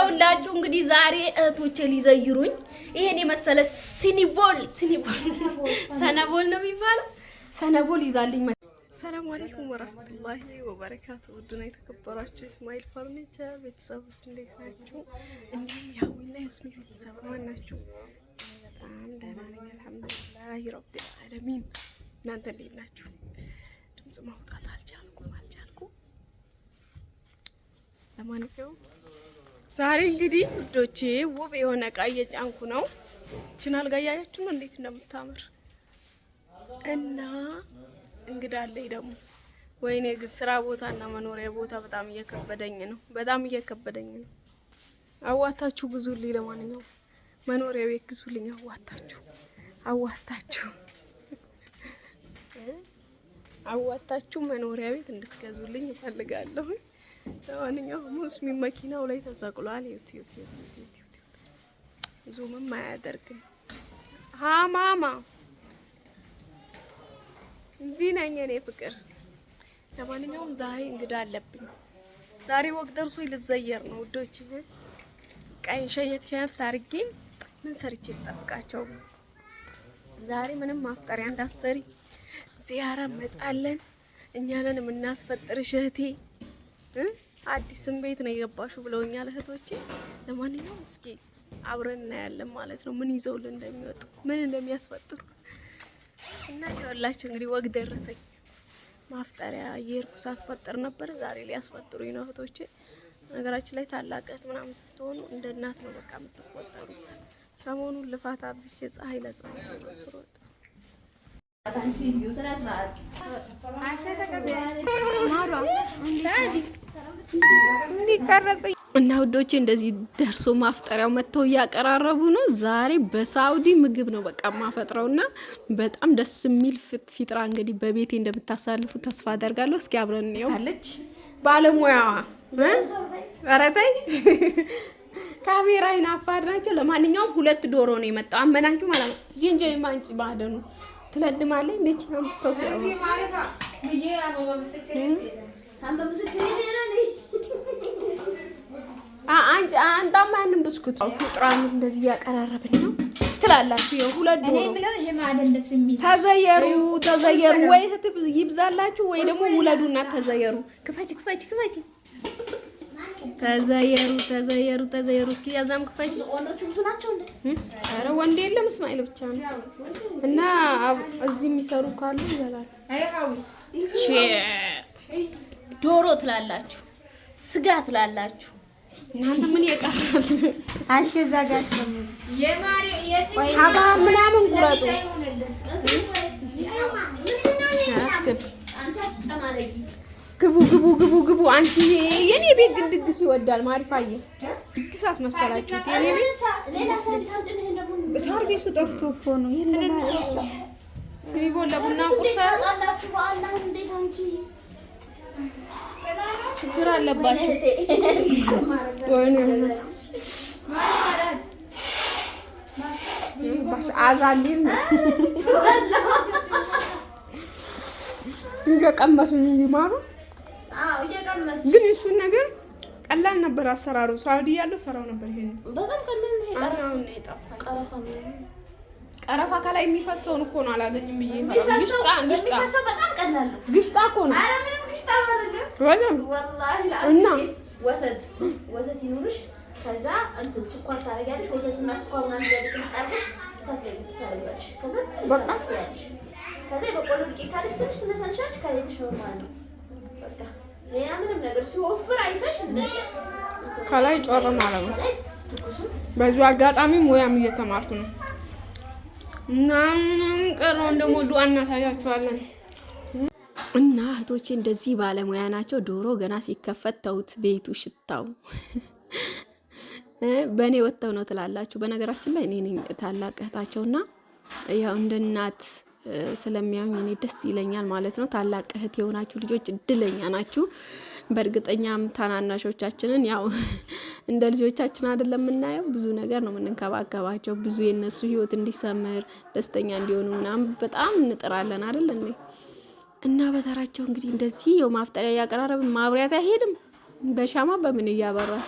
ይኸውላችሁ እንግዲህ ዛሬ እህቶቼ ሊዘይሩኝ ይሄን የመሰለ ሲኒቦል ሲኒቦል ሰነቦል ነው የሚባለው ሰነቦል ይዛልኝ። ሰላም አለይኩም ወራህመቱላሂ ወበረካቱ። ውድና የተከበራችሁ እስማኤል ፈርኒቸር ቤተሰቦች እንዴት ናችሁ? እንዲሁም ያውና ያስሚ ቤተሰብ ማን ናችሁ? በጣም ደህና ነኝ አልሐምዱሊላሂ ረቢል ዓለሚን። እናንተ እንዴት ናችሁ? ድምጽ ማውጣት አልቻልኩም አልቻልኩም። ለማንኛውም ዛሬ እንግዲህ ውዶቼ ውብ የሆነ እቃ እየጫንኩ ነው። ችን አልጋ እያያችሁ ነው እንዴት እንደምታምር እና እንግዳ አለኝ ደግሞ። ወይኔ ግን ስራ ቦታ እና መኖሪያ ቦታ በጣም እየከበደኝ ነው፣ በጣም እየከበደኝ ነው። አዋታችሁ ግዙልኝ። ለማንኛውም መኖሪያ ቤት ግዙልኝ፣ አዋታችሁ አዋታችሁ አዋታችሁ መኖሪያ ቤት እንድትገዙልኝ እፈልጋለሁ። ለማንኛውም ሙስሚ መኪናው ላይ ተሰቅሏል። ዙምም አያደርግም። ሀማማ እዚህ ነኝ እኔ ፍቅር። ለማንኛውም ዛሬ እንግዳ አለብኝ። ዛሬ ወግ ደርሶ ልዘየር ነው ውዶች። ቀይ ሸየት ሸየት አድርጌ ምን ሰርቼ ልጠብቃቸው? ዛሬ ምንም ማፍጠሪያ እንዳሰሪ ዚያራ መጣለን። እኛንን የምናስፈጥር እህቴ አዲስም ቤት ነው የገባሹ ብለውኛል እህቶቼ። ለማንኛውም እስኪ አብረን እናያለን ማለት ነው ምን ይዘውልን እንደሚወጡ ምን እንደሚያስፈጥሩ እና ይኸውላችሁ እንግዲህ ወግ ደረሰኝ ማፍጠሪያ የሄድኩ ሳስፈጥር ነበር። ዛሬ ሊያስፈጥሩኝ ነው እህቶቼ። ነገራችን ላይ ታላቀት ምናምን ስትሆኑ እንደ እናት ነው በቃ የምትቆጠሩት። ሰሞኑን ልፋት አብዝቼ ፀሐይ ለፀሐይ ስሮጥ አንቺ እንዲቀረጽ እና ውዶቼ እንደዚህ ደርሶ ማፍጠሪያው መጥተው እያቀራረቡ ነው። ዛሬ በሳውዲ ምግብ ነው በቃ ማፈጥረው እና በጣም ደስ የሚል ፊጥራ እንግዲህ በቤቴ እንደምታሳልፉ ተስፋ አደርጋለሁ። እስኪ አብረን እንየው አለች ባለሙያዋ። ኧረ ተይ ካሜራ ይናፋር ናቸው። ለማንኛውም ሁለት ዶሮ ነው የመጣው አመናችሁ ማለት ነው። ጂንጀ ማንጭ ባህደኑ ትለድማለች እንዴች ነው ሰው አንጣም ያንን ብስኩት ቁጥራም እንደዚህ እያቀራረብን ነው ትላላችሁ። ሁለት ተዘየሩ ተዘየሩ፣ ወይ ይብዛላችሁ ወይ ደግሞ ውለዱና ተዘየሩ። ክፈች ክፈች ክፈች ተዘየሩ ተዘየሩ ተዘየሩ። እስኪ ያዛም ክፈች። አረ ወንድ የለም እስማኤል ብቻ ነው። እና እዚህ የሚሰሩ ካሉ ይበላል። ዶሮ ትላላችሁ፣ ስጋ ትላላችሁ እናንተ ምን የቀራል? አሽ እዛ ጋር አባ ምናምን ቁረጡ። ግቡ ግቡ ግቡ ግቡ። አንቺ የኔ ቤት ግን ድግስ ይወዳል። ማሪፋዬ ድግስ አስመሰላችሁት። የኔ ቤት ሰርቪሱ ጠፍቶ እኮ ነው። ስሪቦ ለቡና ቁርሳ ችግር አለባቸው። አዛሊል እየቀመሱኝ እንዲማሩ ግን እሱን ነገር ቀላል ነበር አሰራሩ። ሳውዲ ያለው ሰራው ነበር። ይሄ በጣም ቀላል ነው። ቀረፋ ከላይ የሚፈሰውን እኮ ነው አላገኝም ብዬ ነው። ግሽጣ ግሽጣ ግሽጣ እኮ ነው ወተት ወተት ይኑርሽ። ከዛ እንትን ስኳር ታደርጊያለሽ። ወተቱና ስኳር ምናምን ያደርግልሽ። እሳት ላይ ብቻ ታደርጊያለሽ። ከዛ ከዛ የበቆሎ ዱቄት ካለሽ ትንሽ ትነሳልሻለሽ። ከሌለሽ ኖርማል ነው በቃ ሌላ ምንም ነገር ሲወፍር አይተሽ ከላይ ጮር ማለት ነው። በዚሁ አጋጣሚ ሙያም እየተማርኩ ነው እና ቀረውን ደግሞ እናሳያችኋለን። እና እህቶቼ እንደዚህ ባለሙያ ናቸው። ዶሮ ገና ሲከፈት ተውት፣ ቤቱ ሽታው በእኔ ወጥተው ነው ትላላችሁ። በነገራችን ላይ እኔ ታላቅ እህታቸውና ያው እንደ እናት ስለሚያዩኝ እኔ ደስ ይለኛል ማለት ነው። ታላቅ እህት የሆናችሁ ልጆች እድለኛ ናችሁ። በእርግጠኛም ታናናሾቻችንን ያው እንደ ልጆቻችን አይደለም የምናየው፣ ብዙ ነገር ነው የምንንከባከባቸው። ብዙ የእነሱ ህይወት እንዲሰምር ደስተኛ እንዲሆኑ ምናምን በጣም እንጥራለን አይደል እንዴ? እና በተራቸው እንግዲህ እንደዚህ የው ማፍጠሪያ እያቀራረብን ማብሪያት አይሄድም። በሻማ በምን እያበራል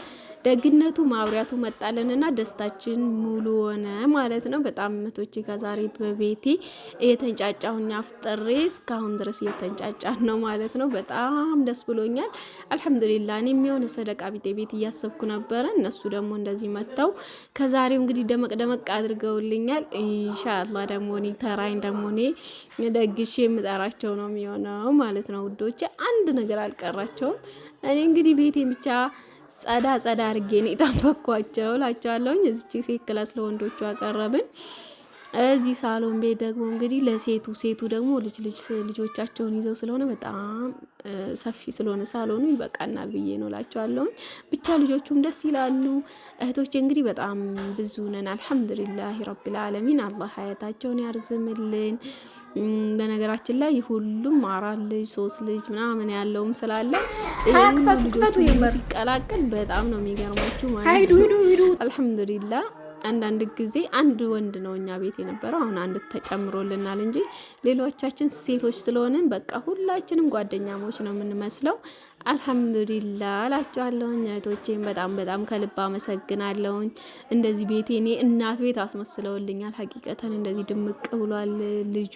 ደግነቱ ማብሪያቱ መጣለንና ደስታችን ሙሉ ሆነ ማለት ነው። በጣም መቶች ጋር ዛሬ በቤቴ እየተንጫጫሁኝ አፍጥሬ እስካሁን ድረስ እየተንጫጫ ነው ማለት ነው። በጣም ደስ ብሎኛል። አልሐምዱሊላ እኔ የሚሆን ሰደቃ ቢጤ ቤት እያሰብኩ ነበረ። እነሱ ደግሞ እንደዚህ መጥተው ከዛሬው እንግዲህ ደመቅ ደመቅ አድርገውልኛል። ኢንሻአላ ደግሞ እኔ ተራይን ደግሞ እኔ ደግሼ የምጠራቸው ነው የሚሆነው ማለት ነው ውዶቼ። አንድ ነገር አልቀራቸውም። እኔ እንግዲህ ቤቴን ብቻ ጸዳ ጸዳ አድርጌ ነው የጠበቅኳቸው እላቸዋለሁኝ። እዚች ሴት ክላስ ለወንዶቹ አቀረብን። እዚህ ሳሎን ቤት ደግሞ እንግዲህ ለሴቱ ሴቱ ደግሞ ልጅ ልጅ ልጆቻቸውን ይዘው ስለሆነ በጣም ሰፊ ስለሆነ ሳሎኑ ይበቃናል ብዬ ነው እላቸዋለሁኝ። ብቻ ልጆቹም ደስ ይላሉ። እህቶቼ እንግዲህ በጣም ብዙ ነን። አልሐምዱሊላህ አለሚን አላህ ሀያታቸውን ያርዝምልን። በነገራችን ላይ ሁሉም አራት ልጅ ሶስት ልጅ ምናምን ያለውም ስላለ ሲቀላቅል በጣም ነው የሚገርማችሁ ማለት ነው። አልሐምዱሊላ አንዳንድ ጊዜ አንድ ወንድ ነው እኛ ቤት የነበረው፣ አሁን አንድ ተጨምሮልናል እንጂ ሌሎቻችን ሴቶች ስለሆንን በቃ ሁላችንም ጓደኛሞች ነው የምንመስለው። አልሐምዱሊላ እላችኋለሁኝ። እህቶቼን በጣም በጣም ከልብ አመሰግናለሁኝ። እንደዚህ ቤቴ እኔ እናት ቤት አስመስለውልኛል። ሀቂቀተን እንደዚህ ድምቅ ብሏል። ልጁ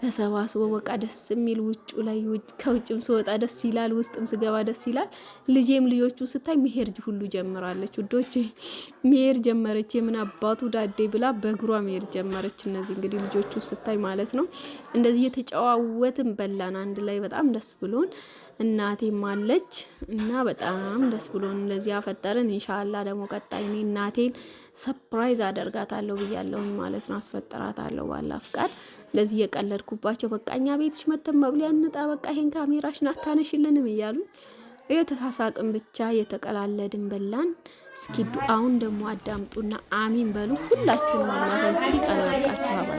ተሰባስቦ በቃ ደስ የሚል ውጩ ላይ ከውጭም ስወጣ ደስ ይላል፣ ውስጥም ስገባ ደስ ይላል። ልጄም ልጆቹ ስታይ መሄድ ሁሉ ጀምራለች። ውዶቼ መሄድ ጀመረች። የምን አባቱ ዳዴ ብላ በእግሯ መሄድ ጀመረች። እነዚህ እንግዲህ ልጆቹ ስታይ ማለት ነው። እንደዚህ እየተጨዋወትን በላን አንድ ላይ በጣም ደስ ብሎን እናቴ ቆማለች እና በጣም ደስ ብሎን እንደዚህ አፈጠርን። ኢንሻላ ደግሞ ቀጣይ እኔ እናቴን ሰፕራይዝ አደርጋታለሁ ብያለሁኝ ማለት ነው። አስፈጠራታለሁ ባላ ፍቃድ እንደዚህ እየቀለድኩባቸው በቃ እኛ ቤትሽ መተን መብሊያ እንጣ በቃ ይሄን ካሜራሽ ናታነሽልንም እያሉ የተሳሳቅን ብቻ የተቀላለድን በላን። እስኪ ዱአውን ደግሞ አዳምጡና አሚን በሉ ሁላችሁን ማለት እዚህ ቀለበቃችሁ አባይ